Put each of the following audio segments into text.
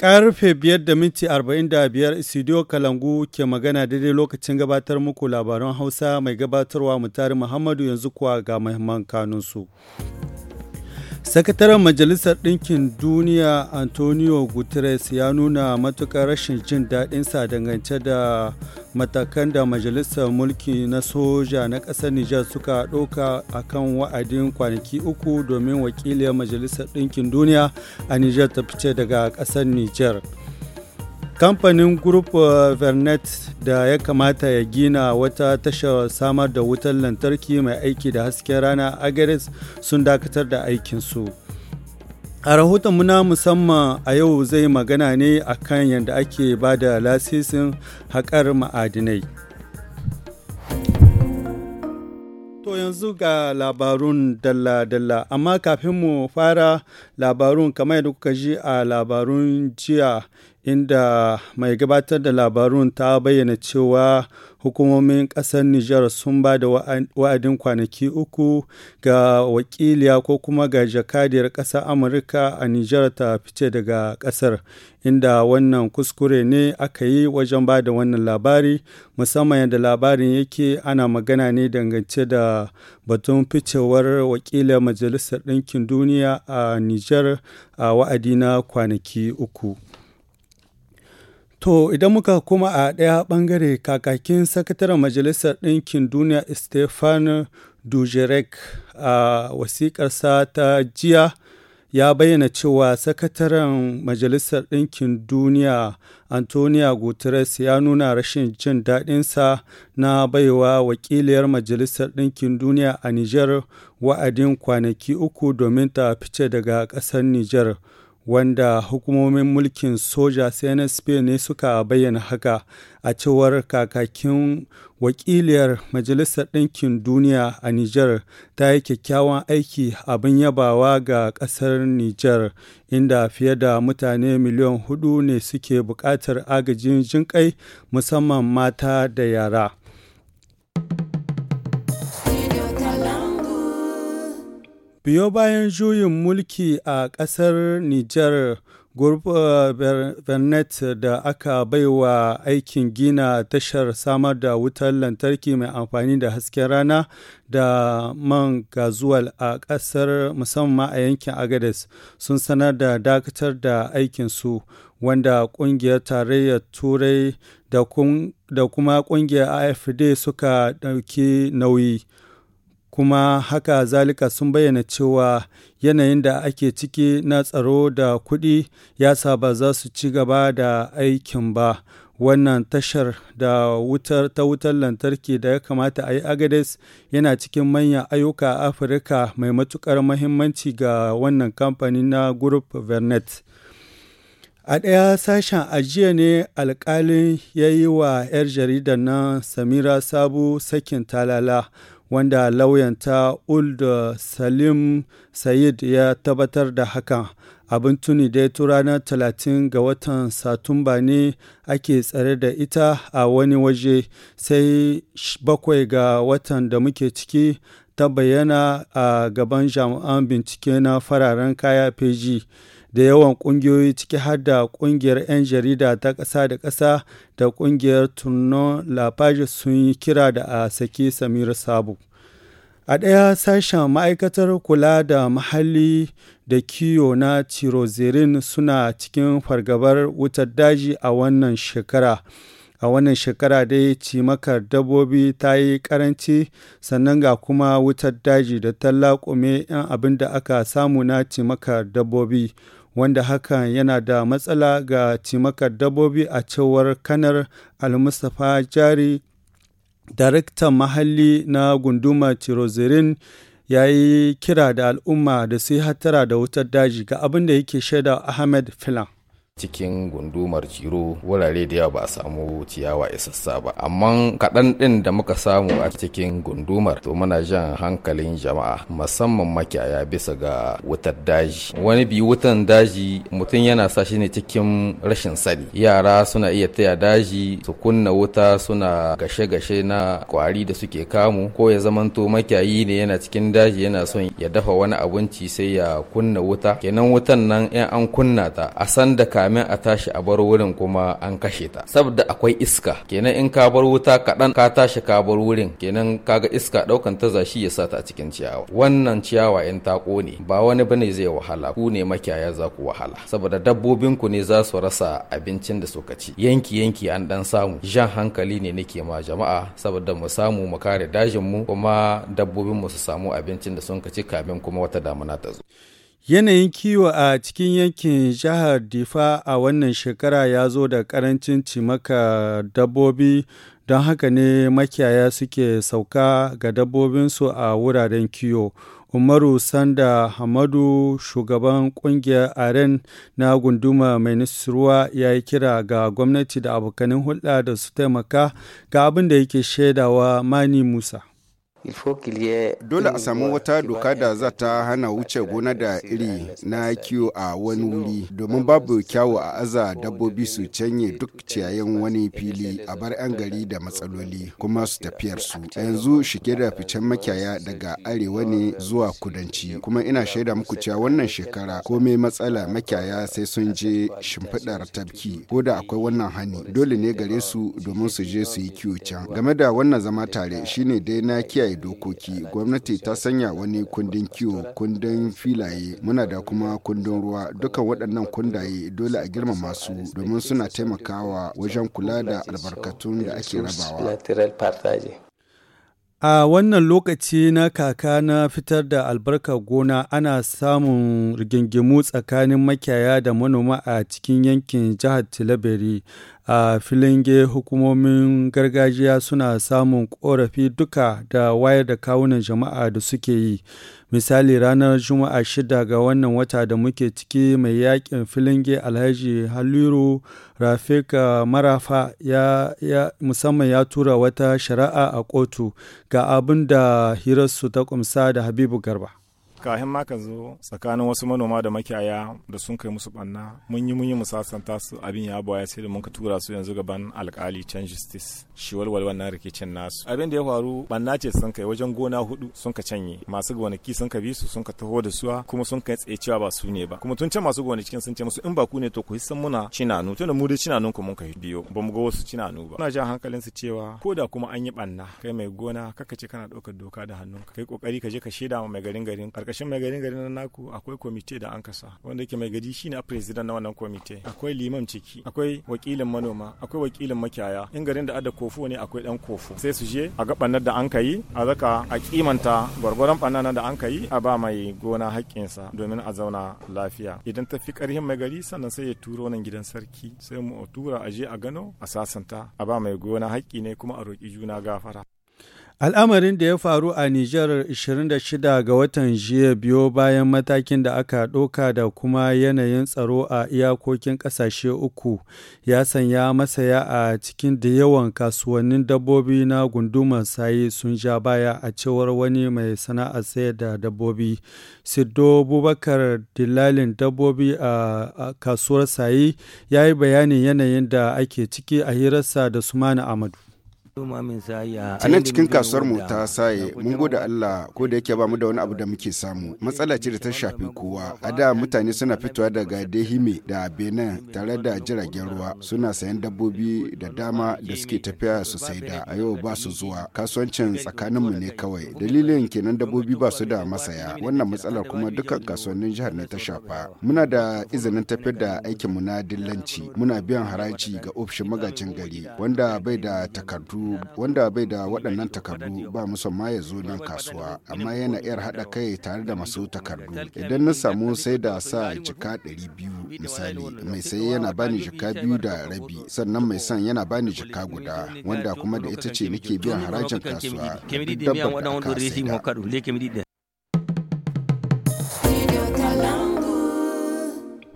Karfe 5 da minti 45 Studio Kalangu ke magana daidai lokacin gabatar muku labaran Hausa mai gabatarwa mutari Muhammadu yanzu kuwa ga mahimman kanunsu. sakataren majalisar ɗinkin duniya antonio guterres ya nuna matuƙar rashin jin daɗinsa dangance da matakan da majalisar mulki na soja na ƙasar nijar suka ɗauka a kan wa'adin kwanaki uku domin wakiliyar majalisar ɗinkin duniya a nijar ta fice daga ƙasar nijar kamfanin group uh, vernet da ya kamata ya gina wata tashar samar da wutar lantarki mai aiki da hasken rana agares sun dakatar da aikinsu a rahoton muna musamman a yau zai magana ne akan yadda ake ba da lasisin haƙar ma'adinai To yanzu ga labarun dalla-dalla, amma kafin mu fara labarun kamar yadda kuka ji a labarun jiya inda mai gabatar da labarun ta bayyana cewa hukumomin ƙasar Nijar sun ba da wa'adin kwanaki uku ga wakiliya ko kuma ga jakadiyar ƙasar Amurka a Nijar ta fice daga ƙasar, inda wannan kuskure ne aka yi wajen ba da wannan labari, musamman yadda labarin yake ana magana ne dangance da batun ficewar wakiliyar Majalisar Ɗinkin Duniya a Nijar a wa'adi na kwanaki uku. To idan muka kuma a ɗaya ɓangare kakakin sakataren Majalisar Ɗinkin Duniya Stefan Dujerek a wasiƙarsa ta jiya ya bayyana cewa sakataren Majalisar Ɗinkin Duniya Antonia Guterres ya nuna rashin jin daɗinsa na baiwa wakiliyar Majalisar Ɗinkin Duniya a Nijar wa'adin kwanaki uku domin ta fice daga ƙasar Nijar. wanda hukumomin mulkin soja sai na spain ne suka bayyana haka a cewar kakakin wakiliyar majalisar ɗinkin duniya a niger ta yi kyakkyawan aiki abin yabawa ga ƙasar niger inda fiye da mutane miliyan hudu ne suke buƙatar agajin jinƙai musamman mata da yara Biyo bayan juyin mulki a ƙasar Nijar, Gurbernet eh, da aka baiwa aikin gina tashar samar da wutar lantarki mai amfani da hasken rana da man gazuwal a ƙasar musamman a yankin Agades sun sanar da dakatar da aikinsu wanda ƙungiyar tarayyar Turai da kuma ƙungiyar AFD suka ɗauki nauyi. kuma haka zalika sun bayyana cewa yanayin da ake ciki na tsaro da kuɗi ya sa ba za su ci gaba da aikin ba wannan tashar da wutar ta wutar lantarki da ya kamata a yi agades yana cikin manyan ayyuka afirka mai matukar mahimmanci ga wannan kamfani na group vernet a ɗaya sashen ajiya ne alkalin ya yi wa 'yar jaridar nan samira sabu sakin talala wanda lauyanta uld salim sayid ya tabbatar da haka abin tuni dai tu ranar 30 ga watan satumba ne ake tsare da ita a wani waje sai bakwai ga watan da muke ciki ta bayyana a gaban jami'an bincike na fararen kaya feji. da yawan ƙungiyoyi ciki har da ƙungiyar 'yan jarida ta ƙasa da ƙasa da ƙungiyar Tournon Lapage sun yi kira da a saki Samir sabu A ɗaya sashen ma'aikatar kula da mahalli da kiyo na tirozerin suna cikin fargabar wutar daji a wannan shekara. a wannan shekara dai cimakar dabbobi ta yi karanci sannan ga kuma wutar daji da ta laƙume 'yan abin da aka samu na cimakar dabbobi wanda hakan yana da matsala ga cimakar dabbobi a cewar kanar almustapha jari daraktan mahalli na gunduma tirozirin ya yi kira da al'umma da su yi hattara da wutar daji ga abin da yake shaida ahmed filan cikin gundumar ciro wurare da yawa ba a samu ciyawa isassa ba amma kaɗan ɗin da muka samu a cikin gundumar to muna jan hankalin jama'a musamman makiyaya bisa ga wutar daji wani bi wutan daji mutum yana sa shi ne cikin rashin sani yara suna iya taya daji su kunna wuta suna gashe-gashe na kwari da suke kamu ko ya zamanto makiyayi ne yana cikin daji yana son ya dafa wani abinci sai ya kunna wuta kenan wutan nan in an kunna ta a san da kamin a tashi a bar wurin kuma an kashe ta saboda akwai iska kenan in ka bar wuta kaɗan ka tashi ka bar wurin kenan ka ga iska ɗaukan ta zashi ya sa ta cikin ciyawa wannan ciyawa in ta ƙone ba wani bane zai wahala ku ne makiyaya za ku wahala saboda dabbobin ku ne za su rasa abincin da suka ci yanki yanki an dan samu jan hankali ne nake ma jama'a saboda mu samu mu kare dajin mu kuma dabbobin mu su samu abincin da sun ci kamin kuma wata damuna ta zo Yanayin kiwo a cikin yankin Jihar Difa a wannan shekara ya zo da ƙarancin cimaka dabbobi don haka ne makiyaya suke sauka ga dabbobinsu a wuraren kiwo. Umaru Sanda Hamadu shugaban kungiyar Aren na gunduma mai nisruwa ya yi kira ga gwamnati da abokanin hulɗa da su taimaka ga abin da yake shaidawa Mani Musa. Dole a samu wata doka da za ta hana wuce gona da iri na kiwo a wani wuri domin babu kyawu a aza dabbobi su canye duk ciyayin wani fili a bar 'yan gari da matsaloli kuma su tafiyar su. A yanzu shige da ficen makiyaya daga arewa ne zuwa kudanci kuma ina shaida muku cewa wannan shekara komai matsala makiyaya sai sun je shimfiɗar tabki ko da akwai wannan hani dole ne gare su domin su je su yi kiwo can. Game da wannan zama tare shine dai na kiyaye dokoki gwamnati ta sanya wani kundin kiwo kundin filaye muna da kuma kundin ruwa dukan waɗannan kundaye dole a girmama su domin suna taimakawa wajen kula da albarkatun da ake rabawa A wannan lokaci na kaka na fitar da albarkar gona ana samun rigingimu tsakanin makiyaya da manoma a cikin yankin jihar Tilaberi. a filinge hukumomin gargajiya suna samun korafi duka da wayar da kawunan jama'a da suke yi misali ranar juma'a shida ga wannan wata da muke ciki mai yakin filinge alhaji haliru rafika marafa ya, ya musamman ya tura wata shari'a a kotu ga abin da hirarsu ta kumsa da habibu garba kahin ma ka zo tsakanin wasu manoma da makiyaya da sun kai musu banna mun yi mun yi musasanta su abin ya baya sai da mun ka tura su yanzu gaban alkali can justice shi walwal wannan rikicin nasu abin da ya faru banna ce sun kai wajen gona hudu sun ka canye masu gonaki sun ka bi su sun ka taho da suwa kuma sun kai tsaye cewa ba su ne ba kuma tun can masu gonakin sun ce musu in ba ku ne to ku san muna cinanu tunda mu dai cinanun ku mun ka biyo ba mu ga wasu cinanu ba ina jan hankalin su cewa ko da kuma an yi banna kai mai gona kaka ce kana ɗaukar doka da hannunka kai kokari ka je ka shaida ma mai garin garin karkashin mai garin garin naku akwai komite da an kasa wanda yake mai gari shine a president na wannan komite akwai liman ciki akwai wakilin manoma akwai wakilin makiyaya in garin da ada kofu ne akwai dan kofu sai su je a ga da an kai a zaka a kimanta gwargwaron bannar da an kai a ba mai gona haƙƙinsa domin a zauna lafiya idan ta fi karhin mai gari sannan sai ya turo nan gidan sarki sai mu tura a je a gano a sasanta a ba mai gona haƙƙi ne kuma a roƙi juna gafara Al'amarin da ya faru a Nijar 26 ga watan jiya biyo bayan matakin da aka ɗauka da kuma yanayin tsaro a iyakokin ƙasashe uku ya sanya masaya a cikin da yawan kasuwannin dabbobi na gundumar sayi sun ja baya a cewar wani mai sana'ar sayar da dabbobi. Siddo Bubakar Dilalin dabbobi a kasuwar sayi ya yi bayanin yanayin da ake ciki a hirarsa da Sumana Amadu. A nan cikin kasuwar mu ta saye mun gode Allah ko da yake ba mu da wani abu da muke samu. Matsala ce da ta shafi kowa. A da mutane suna fitowa daga Dehime da Benin tare da jiragen ruwa suna sayan dabbobi da dama da suke tafiya su saida. A yau ba su zuwa. Kasuwancin tsakanin mu ne kawai. Dalilin kenan dabbobi ba su da masaya. Wannan matsalar kuma dukkan kasuwannin jihar na ta shafa. Muna da izinin tafiyar da aikin mu na dillanci. Muna biyan haraji ga ofishin magajin gari wanda bai da takardu takardu wanda bai da waɗannan takardu ba ma ya zo nan kasuwa amma yana iya haɗa kai tare da masu takardu idan na samu sai da sa jika ɗari biyu misali mai saye yana bani jika biyu da rabi sannan mai san yana bani jika guda wanda kuma da ita ce nake biyan harajin kasuwa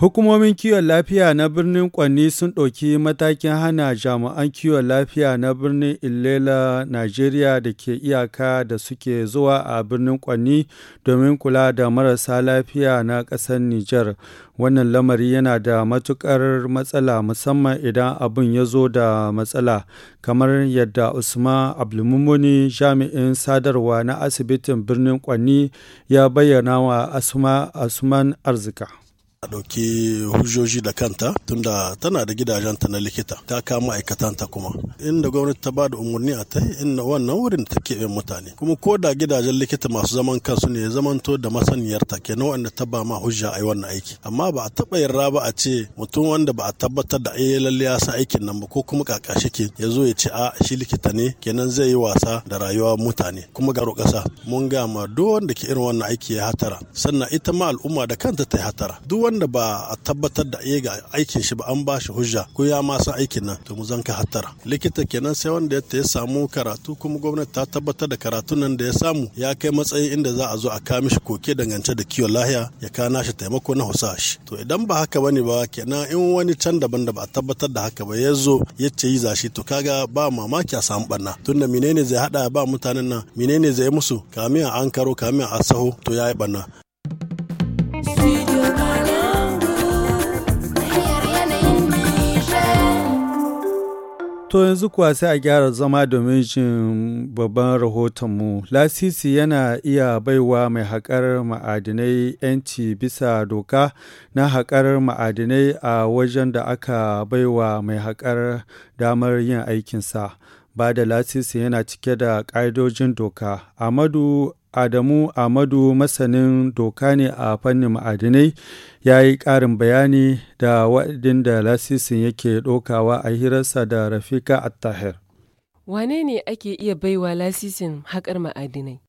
Hukumomin kiwon lafiya na birnin Kwanni sun ɗauki matakin hana jami'an kiwon lafiya na birnin Ilela, Najeriya da ke iyaka da suke zuwa a birnin Kwanni domin kula da marasa lafiya na ƙasar Nijar. Wannan lamari yana da matuƙar matsala musamman idan abin ya zo da matsala, kamar yadda Usman Abdulmumuni jami'in sadarwa na asibitin birnin Kwanni ya bayyana wa Asman Arzika. a ɗauki hujjoji da kanta tunda tana da gidajenta na likita ta kama aikatanta kuma inda gwamnati ta ba da umarni a ta inda wannan wurin ta keɓe mutane kuma ko da gidajen likita masu zaman kansu ne ya zamanto da masaniyarta kenan wanda ta ba ma hujja a yi wannan aiki amma ba a taɓa yarda ba a ce mutum wanda ba a tabbatar da eh lalle ya san aikin nan ba ko kuma kakashe ke ya zo ya ce a shi likita ne kenan zai yi wasa da rayuwar mutane kuma garo ƙasa mun ga ma duk wanda ke irin wannan aiki ya hatara sannan ita ma al'umma da kanta ta yi hatara wanda ba a tabbatar da iya eh ga aikin shi ba an ba shi hujja ko ya ma san aikin nan to mu zan ka hattara likita kenan sai wanda ya ya samu karatu kuma gwamnati ta tabbatar da karatu nan da ya samu ya kai matsayin inda za a zo a kawo shi koke dangance da kiwon lahiya ya kana shi taimako na husa shi to idan ba haka bane ba kenan in wani can daban da ba a tabbatar da haka ba ya zo ya ce yi zashi to kaga ba mamaki a samu barna tunda menene zai hada ba mutanen nan menene zai musu kamiya an karo kamiya a saho to ya yi barna To yanzu kuwa sai a gyara zama domin jin babban rahotonmu. Lasisi yana iya baiwa mai haƙar ma'adinai 'yanci bisa doka na haƙar ma'adinai a wajen da aka baiwa mai haƙar damar yin aikinsa. Ba da lasisi yana cike da ƙa'idojin doka. Amadu Adamu Amadu masanin doka ne a fannin ma'adinai ya yi ƙarin bayani da waɗin da lasisin yake ɗokawa a hirarsa da Rafika Attahir. Wane ne ake iya baiwa lasisin haƙar ma'adinai?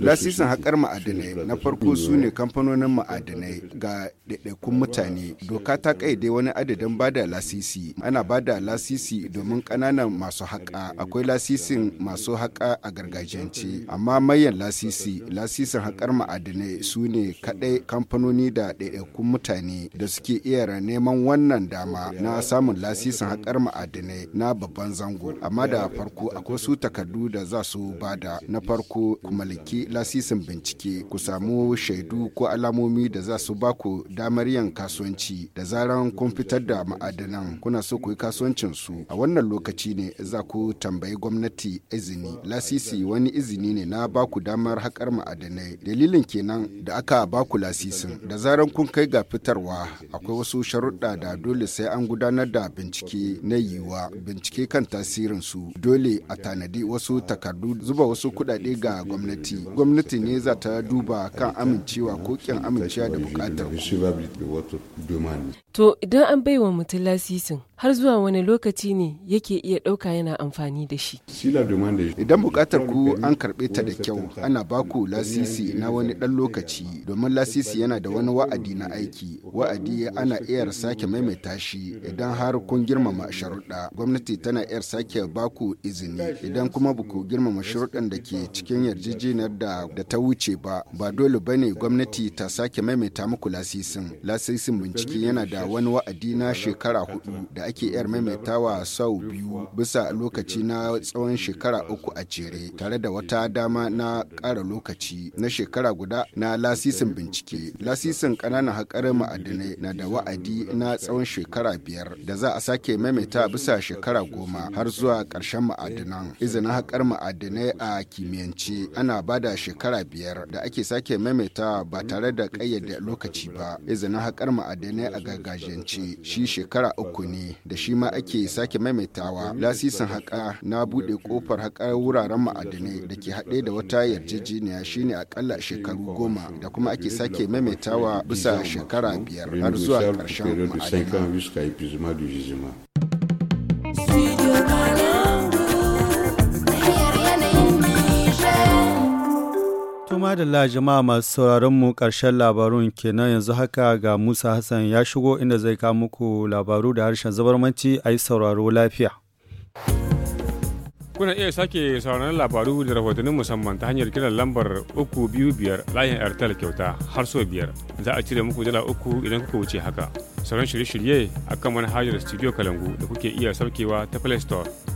lasisin haƙar ma'adinai na farko su ne kamfanonin ma'adinai ga ɗaiɗaikun mutane doka ta ƙaide wani adadin ba da lasisi ana ba da lasisi domin ƙananan masu haƙa akwai lasisin masu haƙa a gargajiyance amma mayan lasisi lasisin haƙar ma'adinai su ne kaɗai kamfanoni da ɗaiɗaikun mutane da suke iya neman wannan dama na samun lasisin haƙar ma'adinai na babban zango amma da farko akwai su takardu da za su ba da. na farko ku mallaki lasisin bincike ku samu shaidu ko alamomi da za su baku damar yin kasuwanci da zaran kun fitar da ma'adanan kuna so ku yi kasuwancin su a wannan lokaci ne za ku tambayi gwamnati izini lasisi wani izini ne na baku damar haƙar ma'adanai dalilin kenan da aka baku lasisin da zaran kun kai ga fitarwa akwai wasu sharuɗa da dole sai an gudanar da bincike na yiwuwa bincike kan tasirin su dole a tanadi wasu takardu zuba wasu wasu kuɗaɗe ga gwamnati gwamnati ne za ta duba kan amincewa ko kyan amincewa da bukatar to idan an baiwa mutum lasisin har zuwa wani lokaci ne yake iya ɗauka yana amfani da shi idan bukatar ku an karɓe ta da kyau ana baku lasisi na wani ɗan lokaci domin lasisi yana da wani wa'adi na aiki wa'adi ana iya sake maimaita shi idan har kun girmama sharuɗa gwamnati tana iya sake baku izini idan kuma buku ku girmama sharuɗan da ke cikin yarjejeniyar da da ta wuce ba ba dole ba ne gwamnati ta sake maimaita muku lasisin lasisin bincike yana da wani wa'adi na shekara hudu da ake yar maimaitawa sau biyu bisa lokaci na tsawon shekara uku a jere tare da wata dama na ƙara lokaci na shekara guda na lasisin bincike lasisin ƙananan haƙar ma'adinai na da wa'adi na tsawon shekara biyar da za a sake maimaita bisa shekara goma har zuwa ƙarshen ma'adinan izinin haƙar ma'adinai a a kimiyyance ana bada shekara biyar da ake sake maimaita ba tare da ƙayyade lokaci ba izinin haƙar ma'adanai a gargajiyance shi shekara uku ne da shi ma ake sake maimaitawa lasisin haƙa na buɗe ƙofar haƙar wuraren ma'adanai da ke haɗe da wata yarjejeniya shine akalla shekaru goma da kuma ake sake maimaitawa bisa shekara biyar har zuwa ƙarshen ma'adanai. da jama'a masu sauraron mu ƙarshen labarun kenan yanzu haka ga Musa Hassan ya shigo inda zai kawo muku labaru da harshen zabarmanci a yi sauraro lafiya. Kuna iya sake sauraron labaru da rahotannin musamman ta hanyar kiran lambar 325 layin Airtel kyauta har so biyar. Za a cire muku dala uku idan kuka wuce haka. Sauran shirye-shirye a kan manhajar Studio Kalangu da kuke iya saukewa ta Play Store.